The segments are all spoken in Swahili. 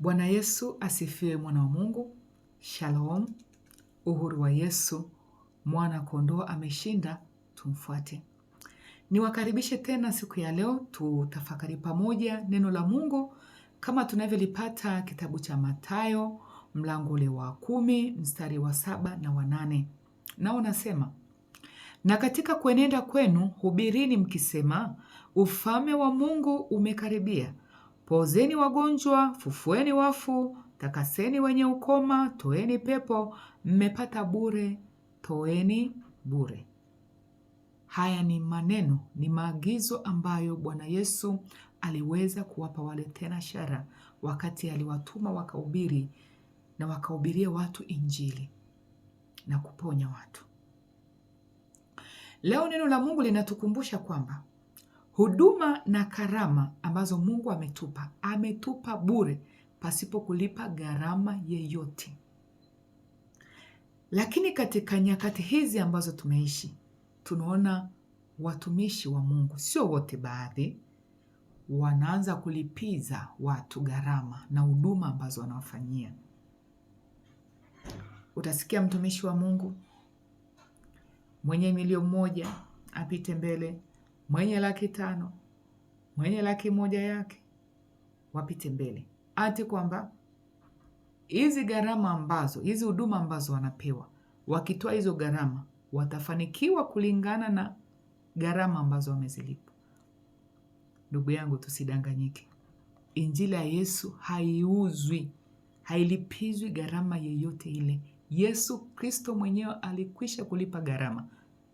Bwana Yesu asifiwe, mwana wa Mungu. Shalom, uhuru wa Yesu, mwana kondoo ameshinda, tumfuate. Niwakaribishe tena siku ya leo, tutafakari pamoja neno la Mungu kama tunavyolipata kitabu cha Mathayo mlango ule wa kumi mstari wa saba na wa nane nao unasema na katika kuenenda kwenu hubirini mkisema, ufalme wa Mungu umekaribia. Pozeni wagonjwa, fufueni wafu, takaseni wenye ukoma, toeni pepo, mmepata bure, toeni bure. Haya ni maneno, ni maagizo ambayo Bwana Yesu aliweza kuwapa wale tena shara wakati aliwatuma wakahubiri na wakahubiria watu Injili na kuponya watu. Leo neno la Mungu linatukumbusha kwamba Huduma na karama ambazo Mungu ametupa, ametupa bure pasipo kulipa gharama yeyote. Lakini katika nyakati hizi ambazo tumeishi, tunaona watumishi wa Mungu, sio wote, baadhi wanaanza kulipiza watu gharama na huduma ambazo wanawafanyia. Utasikia mtumishi wa Mungu mwenye milio mmoja apite mbele mwenye laki tano mwenye laki moja yake wapite mbele, ati kwamba hizi gharama ambazo hizi huduma ambazo wanapewa, wakitoa hizo gharama watafanikiwa kulingana na gharama ambazo wamezilipa. Ndugu yangu, tusidanganyike. Injili ya Yesu haiuzwi, hailipizwi gharama yeyote ile. Yesu Kristo mwenyewe alikwisha kulipa gharama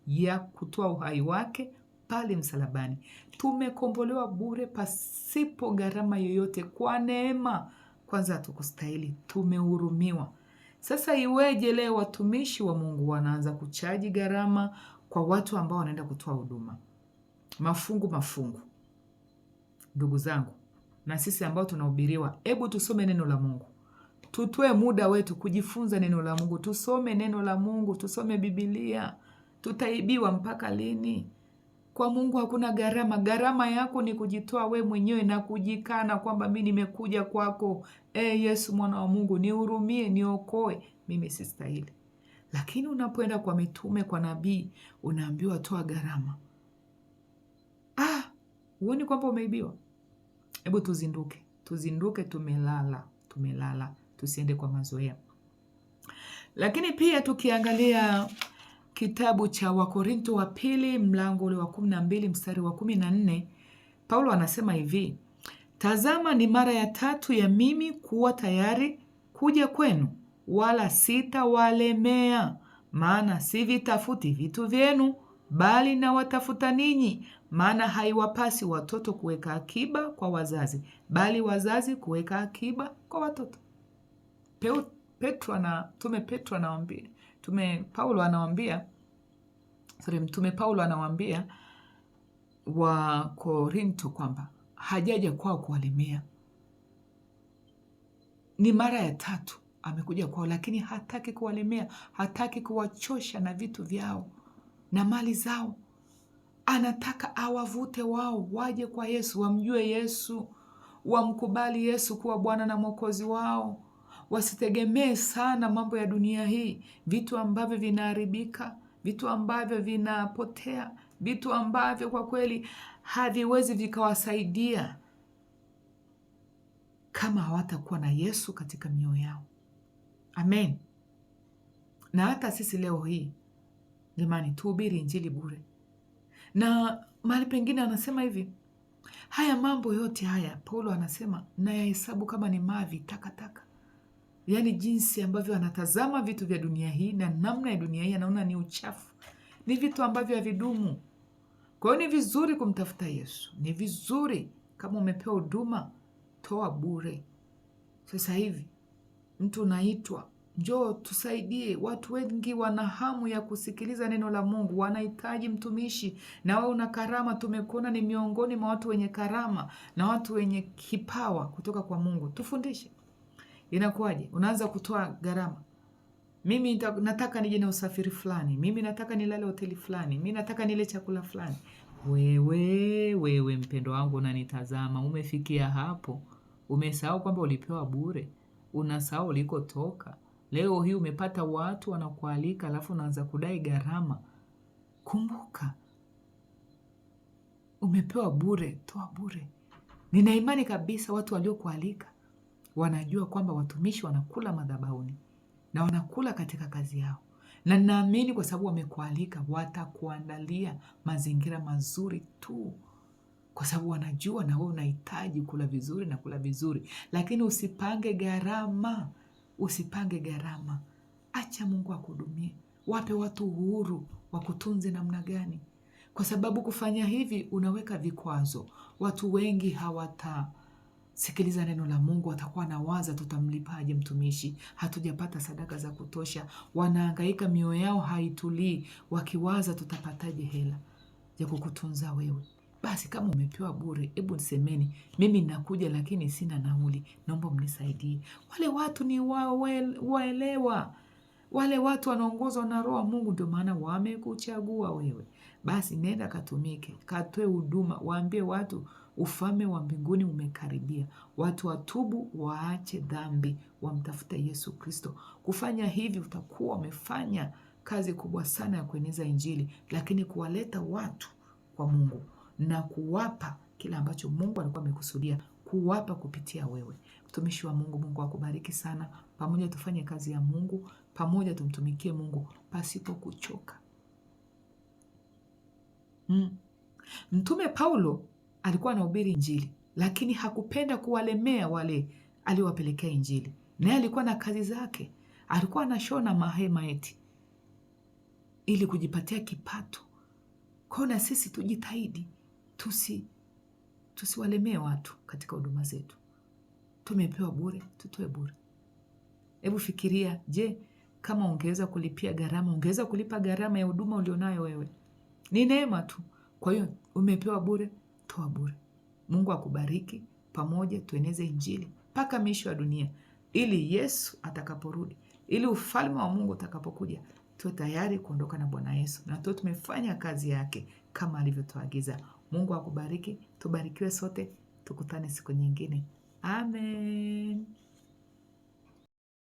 ya kutoa uhai wake pale msalabani. Tumekombolewa bure pasipo gharama yoyote, kwa neema. Kwanza hatukustahili, tumehurumiwa. Sasa iweje leo watumishi wa Mungu wanaanza kuchaji gharama kwa watu ambao wanaenda kutoa huduma? Mafungu mafungu. Ndugu zangu, na sisi ambao tunahubiriwa, hebu tusome neno la Mungu, tutoe muda wetu kujifunza neno la Mungu, tusome neno la Mungu, tusome bibilia Tutaibiwa mpaka lini? Kwa Mungu hakuna gharama. Gharama yako ni kujitoa we mwenyewe na kujikana kwamba mi nimekuja kwako, e Yesu mwana wa Mungu, nihurumie, niokoe, mimi sistahili. Lakini unapoenda kwa mitume, kwa nabii, unaambiwa toa gharama. Ah, huoni kwamba umeibiwa? Hebu tuzinduke, tuzinduke. Tumelala, tumelala, tusiende kwa mazoea. Lakini pia tukiangalia Kitabu cha Wakorinto wa pili mlango ule wa 12 mstari wa 14, Paulo anasema hivi: tazama, ni mara ya tatu ya mimi kuwa tayari kuja kwenu, wala sitawalemea, maana sivitafuti vitu vyenu, bali nawatafuta ninyi. Maana haiwapasi watoto kuweka akiba kwa wazazi, bali wazazi kuweka akiba kwa watoto. Petro na tume Petro anawaambia tume Paulo anawaambia sorry, mtume Paulo anawaambia wa Korinto kwamba hajaja kwao kuwalimia. Ni mara ya tatu amekuja kwao, lakini hataki kuwalemea, hataki kuwachosha na vitu vyao na mali zao. Anataka awavute wao waje kwa Yesu, wamjue Yesu, wamkubali Yesu kuwa Bwana na Mwokozi wao wasitegemee sana mambo ya dunia hii, vitu ambavyo vinaharibika, vitu ambavyo vinapotea, vitu ambavyo kwa kweli haviwezi vikawasaidia kama hawatakuwa na Yesu katika mioyo yao. Amen. Na hata sisi leo hii jamani, tuhubiri injili bure. Na mahali pengine anasema hivi, haya mambo yote haya Paulo anasema nayahesabu kama ni mavi takataka, yaani jinsi ambavyo anatazama vitu vya dunia hii na namna ya dunia hii anaona ni uchafu, ni vitu ambavyo havidumu. Kwa hiyo ni vizuri kumtafuta Yesu, ni vizuri kama umepewa huduma, toa bure. Sasa hivi mtu unaitwa njoo tusaidie. Watu wengi wana hamu ya kusikiliza neno la Mungu, wanahitaji mtumishi. Na wewe una karama, tumekuona ni miongoni mwa watu wenye karama na watu wenye kipawa kutoka kwa Mungu, tufundishe inakuwaje? Unaanza kutoa gharama. Mimi nataka nije na usafiri fulani, mimi nataka nilale hoteli fulani, mimi nataka nile chakula fulani. Wewe wewe, mpendo wangu, unanitazama, umefikia hapo, umesahau kwamba ulipewa bure, unasahau ulikotoka. Leo hii umepata watu wanakualika, alafu unaanza kudai gharama. Kumbuka umepewa bure, toa bure. Nina imani kabisa watu waliokualika wanajua kwamba watumishi wanakula madhabahuni na wanakula katika kazi yao, na ninaamini kwa sababu wamekualika, watakuandalia mazingira mazuri tu, kwa sababu wanajua na wewe unahitaji kula vizuri na kula vizuri, lakini usipange gharama, usipange gharama. Acha Mungu akuhudumie, wape watu uhuru wa kutunze namna gani, kwa sababu kufanya hivi unaweka vikwazo. Watu wengi hawata Sikiliza neno la Mungu, atakuwa waza, tutamlipaje mtumishi, hatujapata sadaka za kutosha. Wanahangaika, mioyo yao haitulii, wakiwaza tutapataje hela ya kukutunza wewe. Basi kama umepewa bure, hebu nisemeni, mimi nakuja, lakini sina nauli, naomba mnisaidie. Wale watu ni waelewa, wale watu wanaongozwa na Roho Mungu, ndio maana wamekuchagua wewe. Basi nenda katumike, katoe huduma, waambie watu ufalme wa mbinguni umekaribia. Watu watubu, waache dhambi, wamtafute Yesu Kristo. Kufanya hivi, utakuwa umefanya kazi kubwa sana ya kueneza Injili, lakini kuwaleta watu kwa Mungu na kuwapa kile ambacho Mungu alikuwa amekusudia kuwapa kupitia wewe. Mtumishi wa Mungu, Mungu akubariki sana. Pamoja tufanye kazi ya Mungu, pamoja tumtumikie Mungu pasipo kuchoka. Mm. Mtume Paulo alikuwa anahubiri Injili, lakini hakupenda kuwalemea wale aliowapelekea Injili. Naye alikuwa na kazi zake, alikuwa anashona mahema eti ili kujipatia kipato. Kwao na sisi tujitahidi, tusi tusiwalemee watu katika huduma zetu. Tumepewa bure, tutoe bure. Hebu fikiria, je, kama ungeweza kulipia gharama, ungeweza kulipa gharama ya huduma ulionayo wewe? Ni neema tu. Kwa hiyo umepewa bure, toa bure. Mungu akubariki, pamoja tueneze Injili mpaka miisho ya dunia, ili Yesu atakaporudi, ili ufalme wa Mungu utakapokuja, tuwe tayari kuondoka na Bwana Yesu na tuwe tumefanya kazi yake kama alivyotuagiza. Mungu akubariki, tubarikiwe sote, tukutane siku nyingine. Amen.